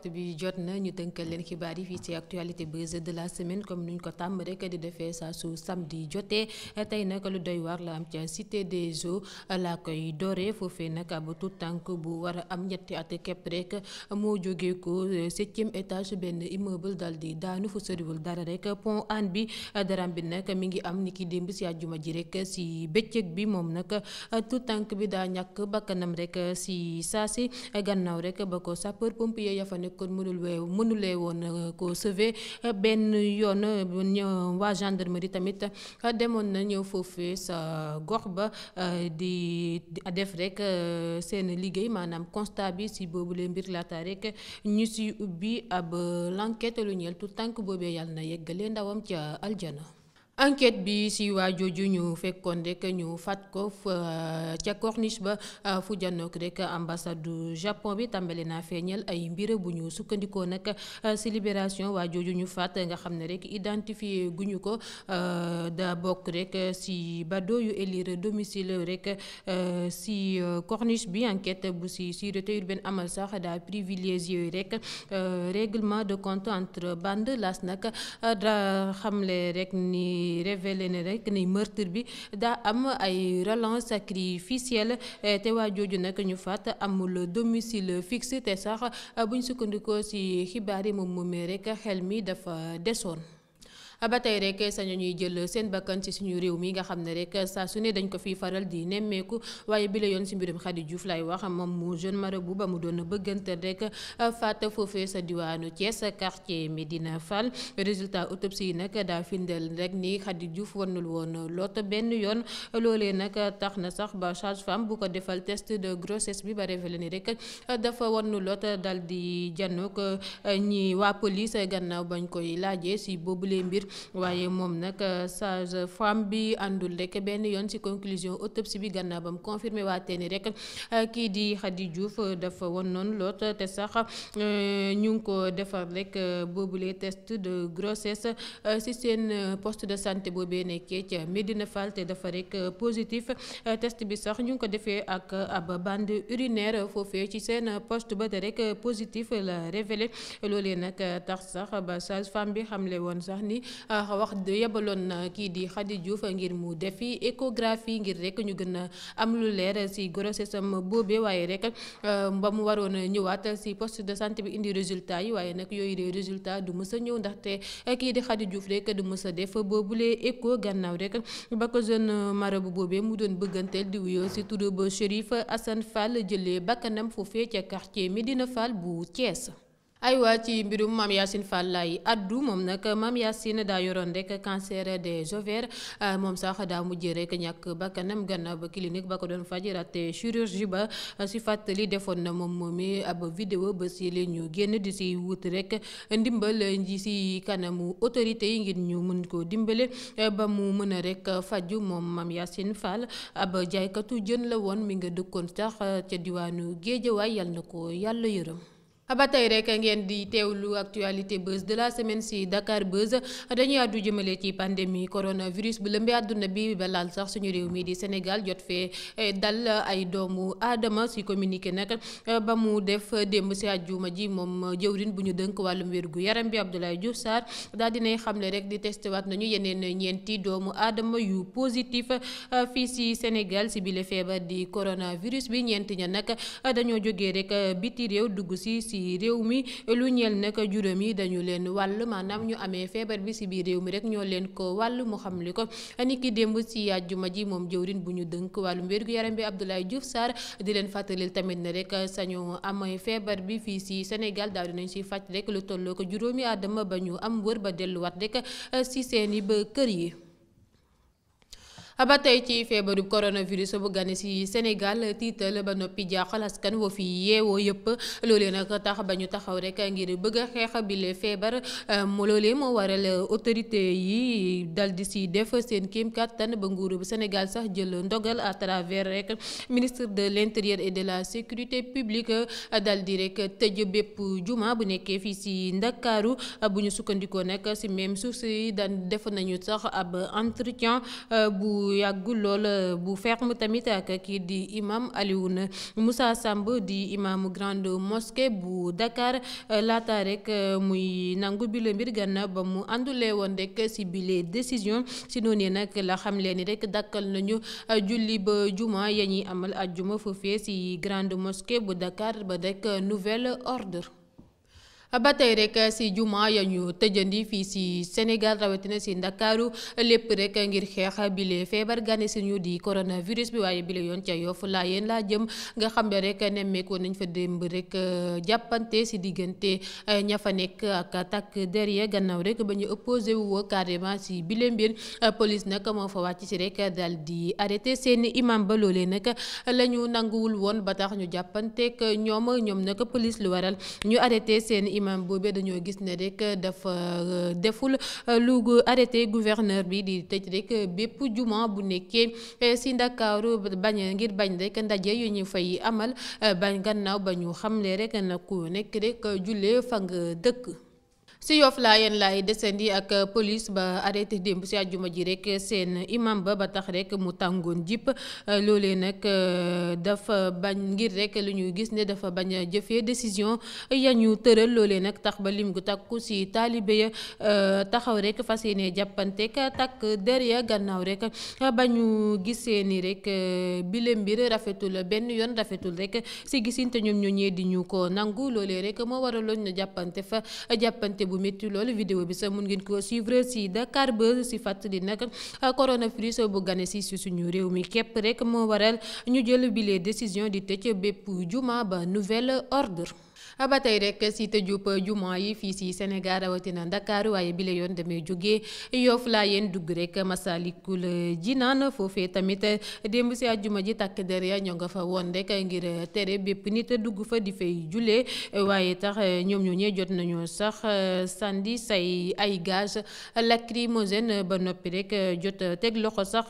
waxtu bi jot na ñu tënkal leen xibaar yi fii ci actualité buzz de la semaine comme nuñ ko tàmm rek di defee saa su samedi jotee tey nag lu doy waar la am ca cité des eaux laa koy dooree foofee nag ab tout tànk bu war am ñetti at képp rek moo jógee ko septième étage benn immeuble dal di daanu fu soriwul dara rek pont an bi daram bi nag mi ngi am ni ki démb si àjjuma ji rek si bëccëg bi moom nag tout tànk bi daa ñàkk bakkanam rek si saa si gannaaw rek ba ko sapeur pompier yafane kon mënul wee mënulee woon euh, ko sauver benn yoon euh, waa gendarmerie tamit demoon na ñëw foofee sa gox ba euh, di def rek seen liggéey maanaam constat bi si boobu lee mbir laata rek ñu si ubbi ab l'enquête lu ñeel tout tànk boobee yàlla na yeggalee ndawam ca aljana enquête bi si waa jooju ñu fekkoon rek ñu fat ko euh, ca corniche ba euh, fu janook rek ambassade Japon bi tàmbali naa feeñal ay mbir bu ñu sukkandikoo nag si euh, libération waa jooju ñu faat nga xam ne rek identifié guñu ko da bokk rek si bado yu élire domicile rek si corniche bi enquête bu si sûreté urbaine amal sax daa privilégié rek règlement de compte entre bande las nag da xamle rek ni di révélé ne rek ni meurtre bi daa am ay relance sacrificielle eh, te waa jooju nag ñu fàtte amul domicile fixe te sax eh, buñ sukkandikoo ci xibaar yi moom moomee rek xel mi dafa desoon ba tey rek sañu ñuy jël seen bakkan ci suñu réew mi nga xam ne rek saa su ne dañ ko fiy faral di nemmeeku waaye bi yoon si mbirum Khady Diouf lay wax moom mu jeune marabout ba mu doon bëggante rek faat foofe sa diwaanu sa Thiès quartier Médina fal résultat autopsie yi nag daa findeel rek ni Khady Diouf warnul woon lot benn yoon loolee nag tax na sax ba charge femme bu ko defal test de grossesse bi ba révélé ni rekk dafa won lot dal di janook eh, ñi waa police gannaaw bañ koy laajee si boobule mbir waaye moom nag euh, sage femme bi àndul rek benn yoon ci conclusion autopsie bi gannaaw bam confirmé waatee ni rek euh, kii di Khady Diouf euh, dafa woon noonu loot te sax ñu ngi ko defar rek boobule test de grossesse ci seen poste de santé boobee nekkee ca Medina Fall te dafa rek positif test bi sax ñu ngi ko defee ak ab band urinaire foofu ci seen poste ba te rek positif la révélé loolee nag tax sax ba sage femme bi xamle woon sax ni Euh, wax yebaloon na euh, kii di Khady Diouf ngir mu defi échographie ngir rek ñu gën a am lu leer si grossesse am boobee waaye rek euh, ba mu waroon ñëwaat si poste de santé bi indi résultat yi waaye nag yooyu de résultat du mës a ñëw ndaxte kii di xadi jouf rek du mës a def boobulee écho gannaaw rek ba ko jeune marabu boobee mu doon bëgganteel di wuyoo si turu ba Chérif Assane Fall jëlee bakkanam foofee ca mi dina Fall bu Thiès. ay waa ci mbirum Mame Yacine Fall laay addu moom nag Mame Yacine daa yoroon rek cancer des ovaires ah, moom sax daa mujjee rek ñàkk bakkanam gannaaw ba clinique ba doon faj raté ba ah, si fàttali defoon na moom moomi ab vidéo ba si li ñu génn di si rek ndimbal ji si kanamu autorité yi ngir ñu mën ko dimbale eh, ba mu mën a rek faju moom Mame Yacine Fall ab jaaykatu jën la woon mi nga dëkkoon sax ca diwaanu Géejawaay yal na ko yàlla yërëm. Ah, ba tey rek ngeen di teew lu actualité buzz de la semaine ci Dakar buzz dañuy àddu jëmale ci pandémie coronavirus bu lëmbee àdduna bi ba laal sax suñu réew mi di Sénégal jot fee eh, dal ay doomu aadama si communiqué nag eh, ba mu def démb ci àjjuma ji moom jëwrin bu ñu dënk wàllum wér gu yaram bi Abdoulaye Diouf Sarr daal dinay xamle rek di testé waat nañu yeneen ñeenti doomu aadama yu positif eh, fii ci Sénégal ci bile feebar di coronavirus bi ñeenti ña nag dañoo jógee rek biti réew dugg ci ci ci réew mi lu ñeel nag juróom yi dañu leen wàll maanaam ñu amee feebar bi si biir réew mi rek ñoo leen ko wàll mu xam li ko ni ki ci si àjjuma ji moom jëwrin bu ñu dënk wàllum wér yaram bi Abdoulaye Diouf saar di leen fàttaleel tamit ne rek sañu amee feebar bi fii si Sénégal daal di dinañ si faj rekk lu tolloo ko juróomi aadama ba ñu am wër ba delluwaat rek si seeni ba kër yi Ah, ba tey ci feebaru coronavirus bu gane si Sénégal tiital ba noppi jaaxal kan woo fi yeewoo yëpp loolee nag tax ba ñu taxaw rek ngir bëgg a xeex feebar ah, mu loolee moo waral autorité yi dal di si def seen kéem kattan ba nguuru bu Sénégal sax jël ndogal à travers rek ministre de l'intérieur et de la sécurité publique ah, dal di rek tëj bépp juma bu nekkee fii si Ndakaaru bu ñu sukkandikoo nag si même suuf si daan def nañu sax ab entretien bu. bu yàggul lool euh, bu feex ferme tamit ak kii di imam na Moussa Samb di imaamu grande mosquée bu Dakar euh, laata rek euh, muy nangu bi mbir gànnaaw ba mu àndule woon rek si bile décision si noonu nag la xam leen ni rek dakkal nañu julli ba juma ya ñuy amal ajjuma foofee si grande mosquée bu Dakar ba rek nouvelle ordre. ba tey rek si juma ya ñu tëjandi fii si Sénégal rawatina si Ndakaaru lépp rek ngir xeex bile feebar gane si ñu di coronavirus bi waaye bile yoon ca Yoff laa yéen laa jëm nga xam ne rek nemmeekoo nañu fa démb rek jàppante si diggante eh, ña fa nekk ak takk derrière gannaaw rek ba ñu opposé wu carrément si bile mbir police nag moo fa wàcc si rek dal di arrêté seen imam ba loolee nag la nanguwul woon ba tax ñu jàppanteeg ñoom ñoom nag imam boobee dañoo gis ne rek dafa euh, deful euh, lu arrêté gouverneur bi di tëj rek bépp juma bu nekkee euh, si ndakaaru bañ ngir bañ rek ndaje yu ñu fay amal bañ gannaaw ba ñu xamle rek na ku nekk rek julle fa dëkk. si yoof laa yéen laay desandi ak police ba arrêté démb si àjjuma ji rek seen imam ba ba tax rekk mu tàngoon jipp loole nag euh, dafa bañ ngir rek lu ñu gis ne dafa bañ a jëfee décision ya ñu tëral loolee nag tax ba lim gu takku si taalibe ya euh, taxaw rek fa yéene jàppante ka takk der ya gannaaw rek ba ñu gisee ni rek euh, bile mbir rafetul benn yoon rafetul rek si gisin te ñoom ñoo ñee di ñu ko nangu loolee rek moo waraloon ñu jàppante fa jàppante métti loolu vidéo bi sax mun ngeen ko suivre si Dakar Buzz si fàttali nag coronavirus bu gane si si suñu réew mi képp rek moo waral ñu jël bile décision di tëj bépp juma ba nouvelle ordre. Ah, ba tey rek si tëjub jumaa yi fii si Sénégal rawatina Dakar waaye bile yoon damay jógee Yoff la yéen dugg rek Masalikul Jinaan foofe tamit démb si àjjuma ji takk der ya ñoo nga fa woon rek ngir tere bépp te dugg fa di fay julee waaye tax ñoom ñoo ñee jot nañoo sax sandi say ay gaz lacrymogène ba noppi rek jot teg loxo sax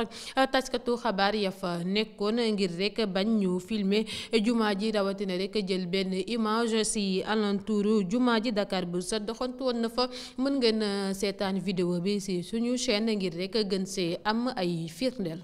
taskatu xabaar ya fa nekkoon ngir rek bañ ñu filmer jumaa ji rawatina rek jël benn image si alentour jumaa ji Dakar bu set doxantu woon na fa mën ngeen euh, seetaan vidéo bi si suñu chaîne ngir rekk a gën see am ay firndeel.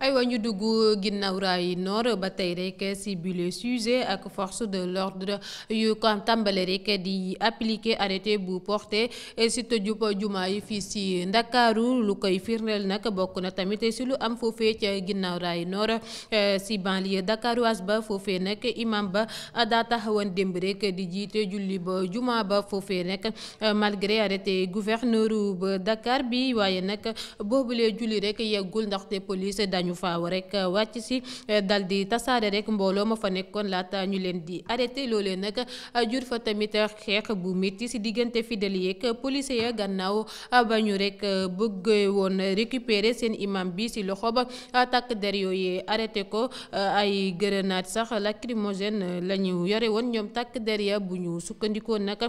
aywa ñu dugg ginnaaw raay noor ba tey rek si bile sujet ak force de l'ordre yu ko tàmbale rek di appliquer arrêté bu porté si tëjub jumaa yi fii si ndakaaru lu koy firndeel nag bokk na tamit si lu am foofee ca ginnaaw raay noor eh, si banlieue dakaroise ba foofee nag imam ba daa taxawoon démb rek di jiite julli ba jumaa ba foofee nag eh, malgré arrêté gouverneur ba Dakar bi waaye nag boobule julli rek yeggul ndaxte police dañu ñu faaw rek eh, wàcc si eh, dal di tasaare rek mbooloo ma fa nekkoon laata ñu leen di arrêté loolee nag eh, jur fa tamit xeex bu métti si diggante fidèle yeeg police ya gannaaw ba ñu rek bëggee woon récupérer seen imam bi si loxo ba takk der yooyu arrêté ko ay grenade sax lacrymogène la ñu yore woon ñoom takk der ya bu ñu sukkandikoo nag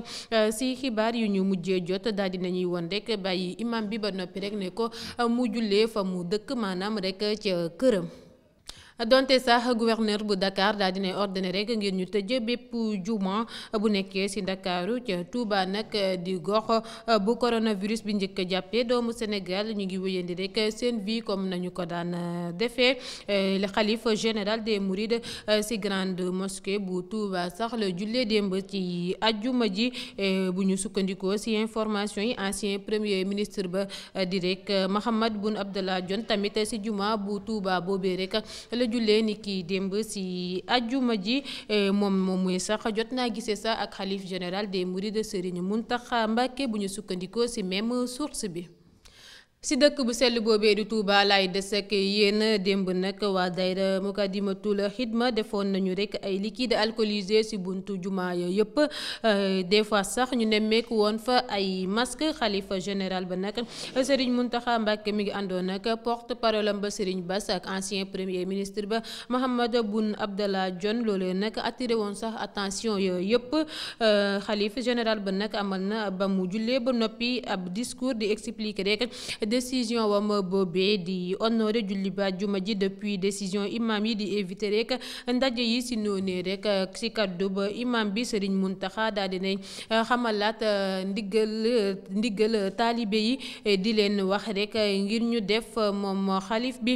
si xibaar yu ñu mujjee jot daal nañuy woon rek bàyyi imam bi ba noppi rek ne ko mu jullee fa mu dëkk maanaam rek ci ca euh, këram donte sax gouverneur bu Dakar daal dinay ordonné rek ngir ñu tëj bépp juma bu nekkee si Ndakaaru ca Touba nag di gox bu coronavirus bi njëkk jàppee doomu Sénégal ñu ngi wéyandi rek seen vie comme nañu ko daan euh, defee euh, le xalif général des Mourides si euh, grande mosquée bu Touba sax la jullee démb ci ajjuma ji bu ñu sukkandikoo si information yi ancien premier ministre ba di rek Mahammed Boun Abdallah Dionne tamit si juma bu Touba boobee rek. la jullee ni ki démb si ajjuma ji eh, moom moom muy sax jot naa gisee sax ak xalif général de des mourides Serigne Mountakha Mbacké bu ñu sukkandikoo si même source bi. si dëkk bu sell boobee di Touba laay des ak yéen démb nag waa dayra Mukadimatul Xidma defoon nañu rek ay liquide alcoolisé si buntu jumaa ya yëpp euh, des fois sax ñu nemmeeku woon fa ay masque xalifa général ba nag Serigne Mountakha Mbacké mi ngi àndoon nag porte parole ba Serigne Bass ak ancien premier ministre ba Mahammed Boun Abdallah Dionne loolee nag attiré woon sax attention yooyu yëpp euh, xalifa général ba nag amal na ba mu jullee ba noppi ab discours di expliquer décision wam boobee di honoré julli ba juma ji depuis décision imam yi di éviter rek ndaje yi si noonee rek si kaddu ba imam bi Serigne Mountakha daal nañ eh, xamalaat eh, ndigal ndigal taalibe yi eh, di leen wax rek ngir ñu def moom xalif bi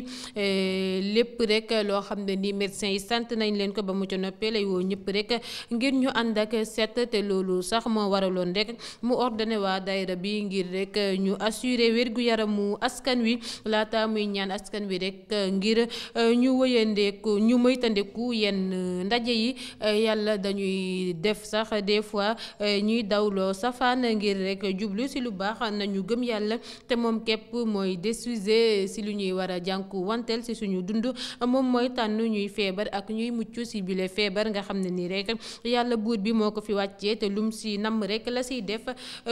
lépp rek loo xam ne ni médecin yi sant nañ leen ko ba mu ca noppee lay woo ñëpp rek ngir ñu ànd ak set te loolu sax moo waraloon rek mu ordonné waa bi ngir rek ñu assuré wér gu yaramu askan wi laata muy ñaan askan wi rekk euh, ngir euh, ñu wëyandeeku ñu moytandeku yenn euh, ndaje yi yàlla dañuy def sax des fois ñuy dawloo safaan ngir rek jublu si lu baax nañu gëm yàlla te moom képp mooy décider si lu ñuy war a jànku wanteel si suñu dund moom mooy tànn ñuy feebar ak ñuy mucc si bile feebar nga xam ne ni rek yàlla buur bi moo ko fi wàccee te lum si namm rek la siy def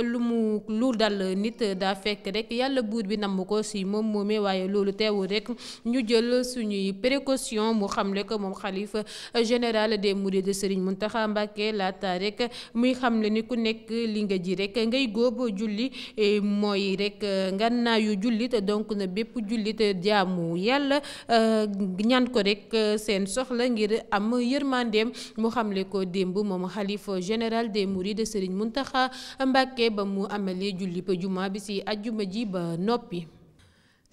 lu mu lu dal nit daa fekk rek yàlla buur nguur bi namm ko si moom moomee waaye loolu teewul rek ñu jël suñuy précaution mu xamle ko moom xalifa général des mourides Serigne Mountakha Mbacké laata rek muy xamle ni ku nekk li nga ji rek ngay góob julli e mooy rek ngannaayu jullit donc na bépp jullit jaamu yàlla e ñaan ko rek seen soxla ngir am yërmandeem mu xamle ko démb moom xalif général des mourides ba mu amalee julli pa bi si ajjuma ji ba Dopi.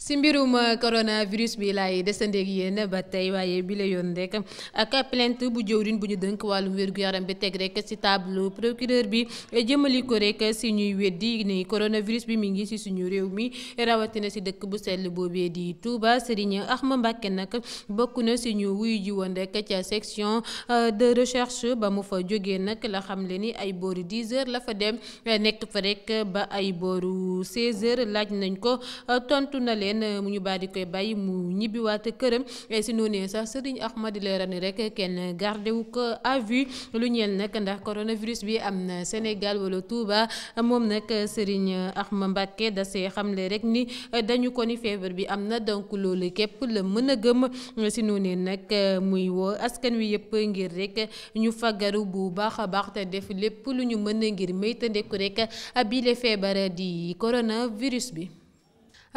si mbirum euh, coronavirus bi laay desandeeg yéen ba tey waaye bi la yoon rek ak plainte bu jëwriñ bu ñu dënk wàllum wér-gu-yaram bi teg rek si tableau procureur bi jëmali ko rek si ñuy weddi ni coronavirus bi mu ngi si suñu réew mi rawatina si dëkk bu sell boobee di Touba ax ma mbàkke nag bokk na si ñu wuyu ji woon rek ca section euh, de recherche ba mu fa jógee nag la xam le ni ay booru 10 heures la fa dem nekk fa rek ba ay booru 16 heures laaj nañ ko na leen mu ñu baal di koy bàyyi mu ñibbiwaat këram eh, si noonee sax Serigne Ahmad di leeral ni rek kenn gardewu ko à lu ñeel nag ndax coronavirus bi am na Sénégal wala Touba moom nag Serigne Ahmad Mbacké da see xamle rek ni dañu ko ni feebar bi am na donc loolu képp la mën a gëm si noonee nag muy woo askan wi yëpp ngir rek ñu fagaru bu baax a baax te def lépp lu ñu mën a ngir maytandeku rek abile feebar di coronavirus bi.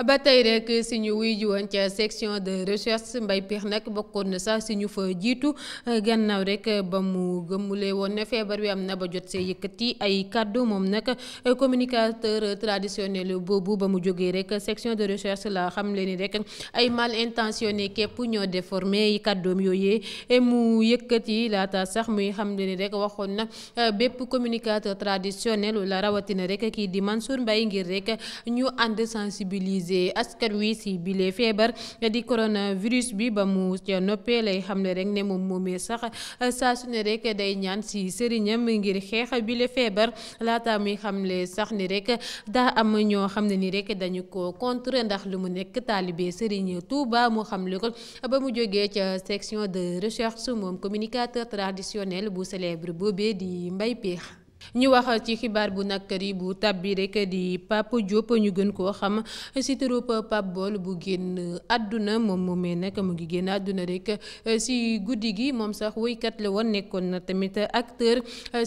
ba tey rek si ñu wuy jiwoon ca section de recherche Mbaye Pekh nag bokkoon na sax si ñu fa jiitu gannaaw rek ba mu gëmmulee woon ne feebar wi am na ba jot see yëkkati ay kaddu moom nag communicateur traditionnel boobu ba mu jógee rek section de recherche la xam leen ni rek ay mal intentionné képp ñoo déformé kaddoom yooyee e mu yëkkati laata sax muy xam leen ni rek waxoon na bépp communicateur traditionnel la rawatina rek kii di Mansour mbay ngir sensibiliser askan wi si bile feebar di coronavirus bi ba mu ca noppee lay xamle rek ne moom moomee sax euh, saa su ne rek day ñaan si sëriñam ngir xeex bile feebar laata muy xamle sax ni rek daa am ñoo xam ne ni rek dañu ko contre ndax lu mu nekk taalibe sëriñ Touba mu xam ko ba mu jógee ca section de recherche moom communicateur traditionnel bu célèbre boobee di Mbaye Pekh ñu wax ci xibaar bu nàkkari bu tab bi rek di Pape Diop ñu gën koo xam si turub Pape Bool bu génn àdduna moom moomee nag mu ngi génn àdduna rek si guddi gi moom sax woykat la woon nekkoon na tamit acteur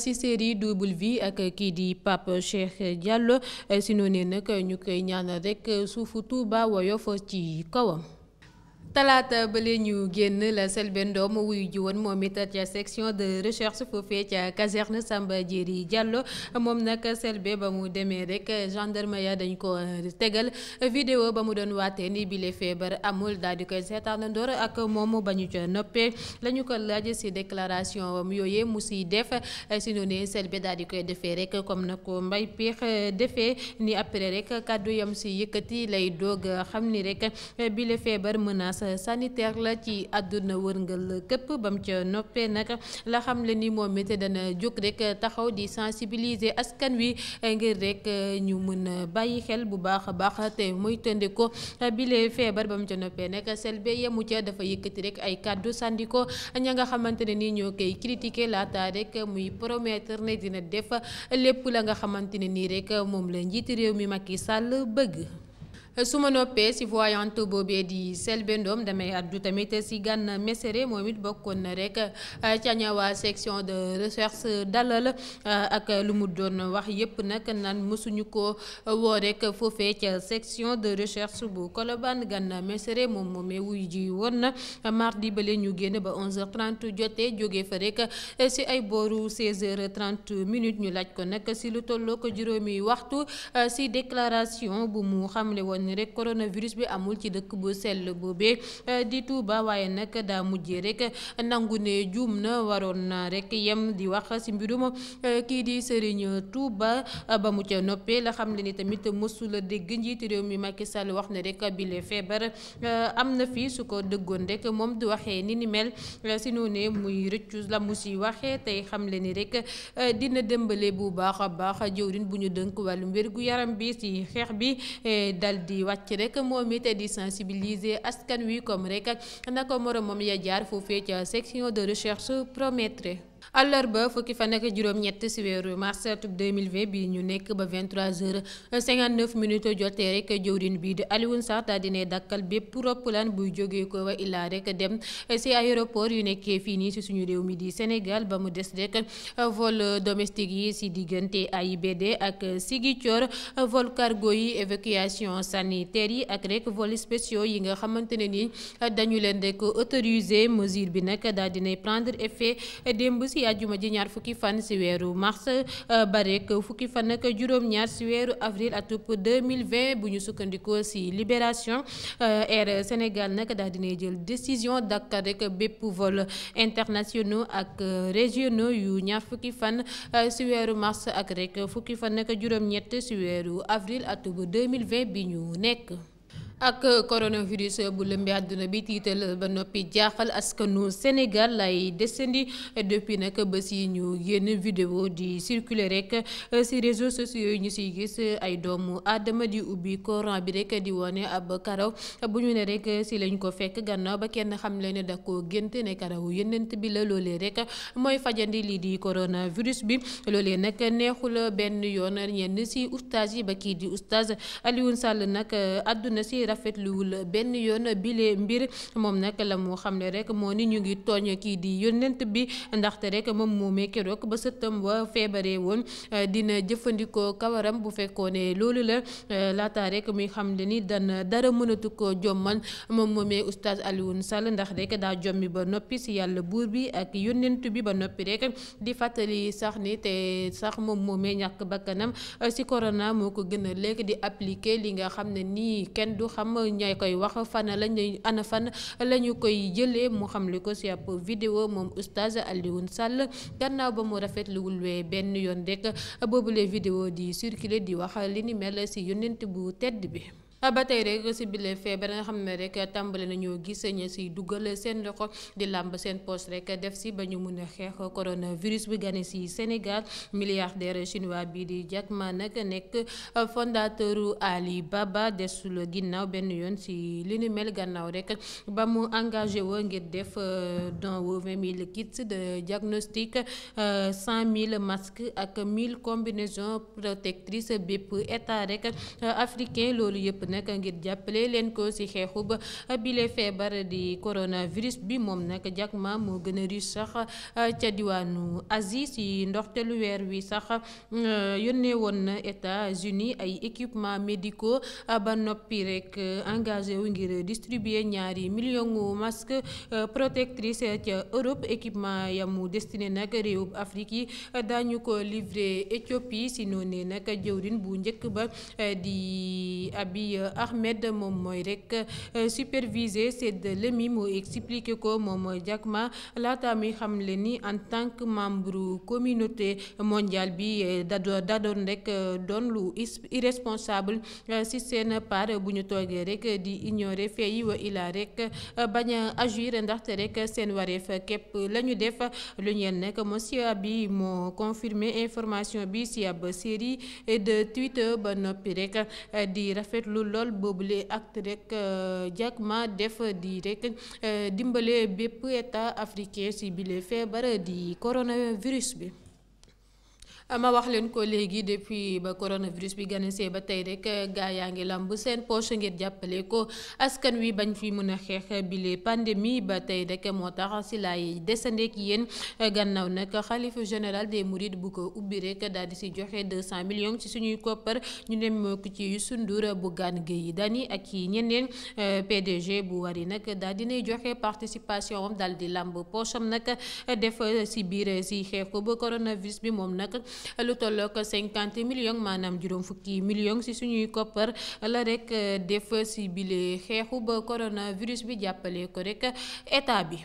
si série double vie ak kii di Pape Cheikh Diallo si noonee nag ñu koy ñaanal rekk suufu Tuuba woyof ci kawam. talaata ba lee ñu génn la Selbé Ndom wuyu ji woon moom it ca section de recherche foofee ca caserne Samba yi Diallo moom nag selbe ba mu demee rek gendarmerie dañ ko tegal vidéo ba mu doon waate ni bile feebar amul daal di koy ndoor ak moom ba ñu ca noppee la ñu ko laaj si déclaration am yooyee mu siy def si noonu Selbé daal di koy defee rek comme na ko mbay peex defee ni après rek kàddu yam si yëkkati lay doog xam ni rek bile sanitaire la ci àdduna wërngal këpp bam ca noppee nag la xam le ni moom it dana jóg rek taxaw di sensibiliser askan wi ngir rek ñu mën a bàyyi xel bu baax a baax te muy tënde ko bile feebar bam ca noppee nag selbe yemu ca dafa yëkkati rek ay kàddu sànni ko ña nga xamante ne nii ñoo koy critiquer laata rek muy promettre ne dina def lépp la nga xamante ne nii rek moom la njiiti réew mi mag yi Sall bëgg. su ma noppee si voyante boobee di Selbé Ndom damay addu tamit si Gana Messere moom it bokkoon na rek euh, ca ñawaa section de recherche dalal euh, ak lu mu doon wax yépp nag nan mësuñu ko woo rek foofee section de recherche bu Colobane Gana Messere moom moom moomee wuy ji woon na mardi bale ñu génn ba 11h30 jotee jóge fa rek si euh, ay boru 16h30 ñu laaj ko nag si lu tolloo ko juróomi waxtu si déclaration bu mu xamle woon ni rek coronavirus bi amul ci dëkk bu sell boobee eh, di Touba waaye nag daa mujjee rek nangu ne juum na waroon na rek yem di wax si mbirum eh, kii di Serigne Touba ba mu ca noppee la xam le ni tamit mësula dégg njiitu réew mi Macky Sall wax ne rek bile feebar eh, am na fii su ko dëggoon rekk moom du waxee ni ni mel si noonee muy rëccu la mu si waxee tey xam le ni rek dina dëmbale bu baax baax jëwrin bu ñu dënk wàllum wér gu yaram bi si xeex bi daldi yi wàcc rek moom it di sensibiliser askan wi comme rek naka moroom moom ya jaar foofee ca section de recherche Prométhée ba fukki fan ak juróom-ñett si weeru mars atub 2020 bi ñu nekk ba 23h59 minutes jotee rek jëwrin bii di Alioune Sarr daal di ne dakkal bépp roppalaan buy jógee ko wa illaa rek dem si aéroport yu nekkee fii nii si suñu réew mi di Sénégal ba mu des rek vol domestique yi si diggante ay AIBD ak Ziguinchor vol cargo yi évacuation sanitaire yi ak rek vol spéciaux yi nga xamante ne ni dañu leen rek autoriser mesure bi nag daal di ne prendre effet démb ci àjjuma ji ñaar fukki fan ci weeru mars euh, ba rek fukki fan ak juróom-ñaar ci weeru avril atub 2020 bu ñu sukkandikoo ci Libération euh, Air Sénégal nag daal dinay jël décision dakka rek bépp vol internationaux ak euh, régionaux yu ñaar fukki fan ci weeru mars ak rek fukki fan ak juróom-ñett ci weeru avril atub bi ñu nekk ak coronavirus bu lëmbi àdduna bi tiital ba noppi jaaxal askanu Sénégal lay desandi depuis nag ba si ñu génn vidéo di circuler rek si réseaux sociaux yi ñu si gis ay doomu aadama di ubbi coran bi rek di wane ab karaw bu ñu ne rek si lañ ko fekk gannaaw ba kenn xam leen da koo génte ne karawu yenent bi la loolee rek mooy fajandi lii di coronavirus bi loolee nag neexul benn yoon ñenn si oustaz yi ba kii di oustaz Alioune Sall nag àdduna si rafetluwul benn yoon bile mbir moom nag la moo xam ne rek moo ni ñu ngi tooñ kii di yónnent bi ndaxte rek moom moomee keroog ba sëttam wa feebaree woon euh, dina jëfandikoo kawaram bu fekkoone loolu la euh, laata rek muy xam ni dan dara mënatu ko jommal moom moomee oustaz Alioune Sall ndax rek daa jommi ba noppi si yàlla buur bi ak yónnent bi ba noppi rek di fàttali sax ni te sax moom moomee ñàkk bakkanam euh, si corona moo ko gën a di appliquer li nga xam ñay koy wax fan lañ ana fan lañu koy jëlee mu xam li ko si ab vidéo moom oustaz Alioune Sall gannaaw ba mu rafetluwul wee benn yoon rek boobule vidéo di circuler di wax li ni mel si yonent bu tedd bi. Ah, ba tey rek si bile feebar nga xam ne rek tàmbali nañoo gis ña si dugal seen loxo di làmb seen poste rek def si ba ñu mun a xeex coronavirus bi gane si Sénégal milliardaire chinois bi di Jack Ma nag nekk fondateuru Alibaba desul ginnaaw benn yoon si li nu mel gannaaw rek ba mu engagé woo ngir def euh, don wu vingt mille kits de diagnostic euh, cent mille masques ak mille combinaisons protectrices bépp état rek euh, africain loolu yëpp. nag ngir jàppale leen ko ci xeexub bile feebar di coronavirus bi moom nag ma moo gën a riche sax euh, ca diwaanu si ci ndoxteelu weer wi sax euh, yónnee woon na États-Unis ay équipements médicaux euh, ba noppi rek engagé wu ngir distribuer ñaari millions masques protectrice ca Europe équipement yamu destiné nag réewub Afrique yi daañu ko livré Éthiopie si noonee nag jëwrin bu njëkk ba di abi di euh, Ahmed moom mooy rek euh, supervisé séddale mi moo expliqué ko moom mooy Diakma laata mi xam le ni en tant que membre communauté mondiale bi euh, da doon rek doon lu irresponsable si seen part bu ñu toogee rek di ignorer fee yi wa ilaa rek bañ a agir ndaxte rek seen wareef képp la ñu def lu ñeen nag monsieur bi moo confirmé information bi si ab série de Twitter ba noppi rek di rafetlu lool boobule acte rek euh, Jack Ma def di rek euh, dimbale bépp état africain ci bile feebar di coronavirus bi. ma wax leen ko léegi depuis ba coronavirus bi ganasee ba tey rek gaa yaa ngi lamb seen poche ngir jàppale ko askan wi bañ fi mun a xeex bile pandémie ba tey rek moo tax si laay desandeek yéen gannaaw nag xalifa général des mourides bu ko ubbi rek daal di si joxe 200 millions ci suñuy koppar ñu ne moo ko ci Youssou Ndour bu gaan Guèye Dany ak yi ñeneen PDG bu war wari nag daal nay joxe participation am daal di lamb poche am nag def si biir si xeex ko ba coronavirus bi moom nag. lu ko 50 millions maanaam juróom fukki millions si suñuy koppar la rek def si bile xeexu ba coronavirus bi jàppale ko rekk état bi.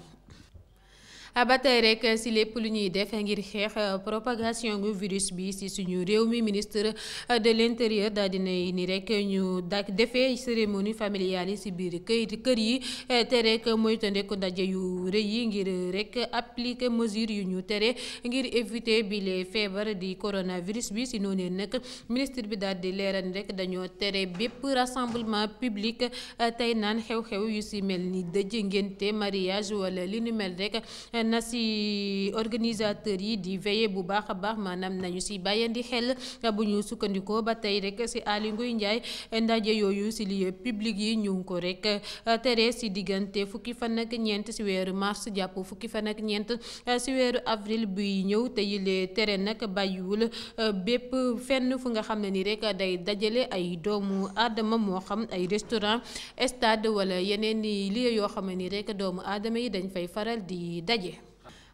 ba tey rek si lépp lu ñuy def ngir xeex euh, propagation gu virus bi si suñu réew mi ministre euh, de l' intérieur daal dina ni rek ñu dak defee cérémonie familiale yi si biir këyit kër yi euh, te rek moytandiku ndaje yu rëy yi ngir rek appliquer mesures yu ñu tere ngir éviter bi les feebar di coronavirus bi si noonu nag ministre bi daal di leeral rek dañoo tere bépp rassemblement public tey naan xew-xew yu si mel ni dëj ngénte mariage wala li nu mel rek. na si organisateur yi di veiller bu baax a baax maanaam nañu si bàyyandi xel bu ñu sukkandikoo ba tey rek si Aly Ngouille Ndiaye ndaje yooyu si lieu public yi ñu ko rek euh, tere si diggante fukki fan ak ñeent si weeru mars jàpp fukki fan nag ñeent si euh, weeru avril buy ñëw te yile tere nag bàyyiwul euh, bépp fenn fu nga xam ne ni rek day dajale ay doomu aadama moo xam ay restaurant stade wala yeneen i lieu yoo xam ne ni rek doomu aadama yi dañ fay faral di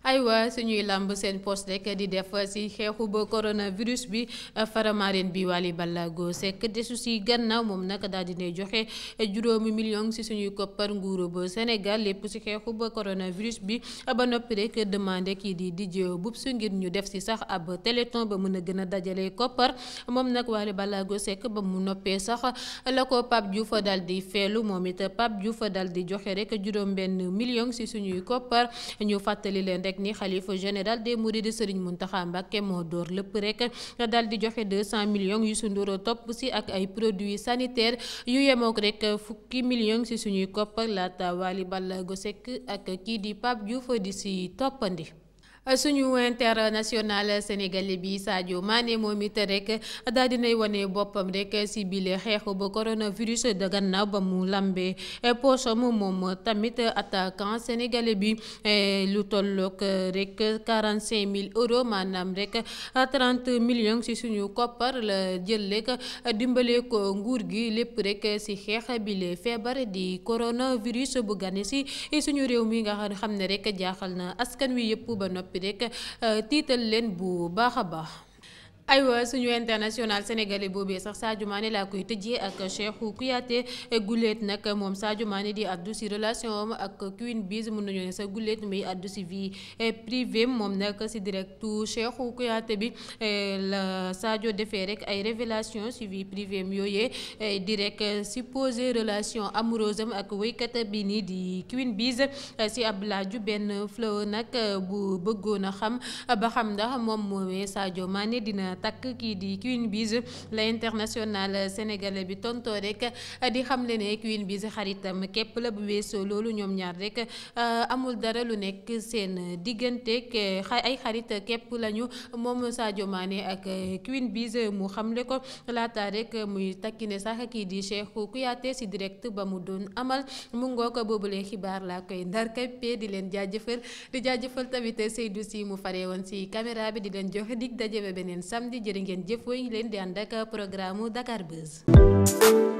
aywa suñuy làmb seen poste rek di def si xeexu ba coronavirus bi faramareen bi Waly Ballago Seck desu si gannaaw moom naka daal dina joxe juróomi million si suñuy koppar nguuru ba Sénégal lépp si xeexu ba coronavirus bi ba noppi rek demandé kii di DJ Boubs ngir ñu def si sax ab téléthon ba mën a gën a dajale koppar moom nag Waly Ballago Seck ba mu noppee sax la ko Pape Diouf dal di feelu moom it Pape Diouf dal di joxe rek juróom benn million si suñuy koppar rek ni xalifa général des mourides Serigne Mountakha Mbacké moo door lépp rek dal di joxe 200 millions Youssou Ndour topp si ak ay produits sanitaires yu yemook rek fukki million si suñuy koppar laata Wally Ballago Seck ak kii di Pape Diouf di si toppandi suñu international sénégalais bi Sadio Mané moom it rek daal dinay wane boppam rek si bile xeexu ba coronavirus da gannaaw ba mu lambee poosam moom tamit attaquant sénégalais bi e lu tollook rek quarante cinq mille euros maanaam rek trente millions si suñu koppar la jël rek dimbale ko nguur gi lépp rek si xeex bile feebar di coronavirus bu gane si suñu réew mii nga xam ne rek jaaxal na askan wi yëpp ba noppi. noppi rek eh, tiital leen bu baax a baax. aywa suñu international sénégalais boobee sax Sadio Mané laa koy tëjee ak Cheikhou Kouyaté guléet nag moom Sadio Mané di addu si relation ak Queen biis mun nañoo ne sa guléet muy addu si vie privée moom nag si directu Cheikhou Kouyaté bi eh, la Sadio defee rek ay révélation si vie privée am yooyee eh, di rek relation amoureuse ak wéykat bi nii di Queen Biz si ab laaju benn fleur nag eh, bu bëggoon a xam ba xam ndax moom moomee Sadio Mané dina. takk kii di Queen Biz la international sénégalais bi tontoo rek di xamle ne Queen Biz xaritam képp la bu weesoo loolu ñoom ñaar rek euh, amul dara lu nekk seen diggante euh, ay xarita képp lañu moom Sadio Mané ak euh, Queen Biz mu xam xamle ko laata rek muy takki ne sax kii di Cheikhou Kouyaté si direct ba mu doon amal mu ngoo ko boobule xibaar laa koy ndar képp di leen jaajëfal di jaajëfal tamit Seydou si mu fare woon si caméra bi di leen jox dig samedi jërë ngeen jëf woy leen di ànd ak programme Dakar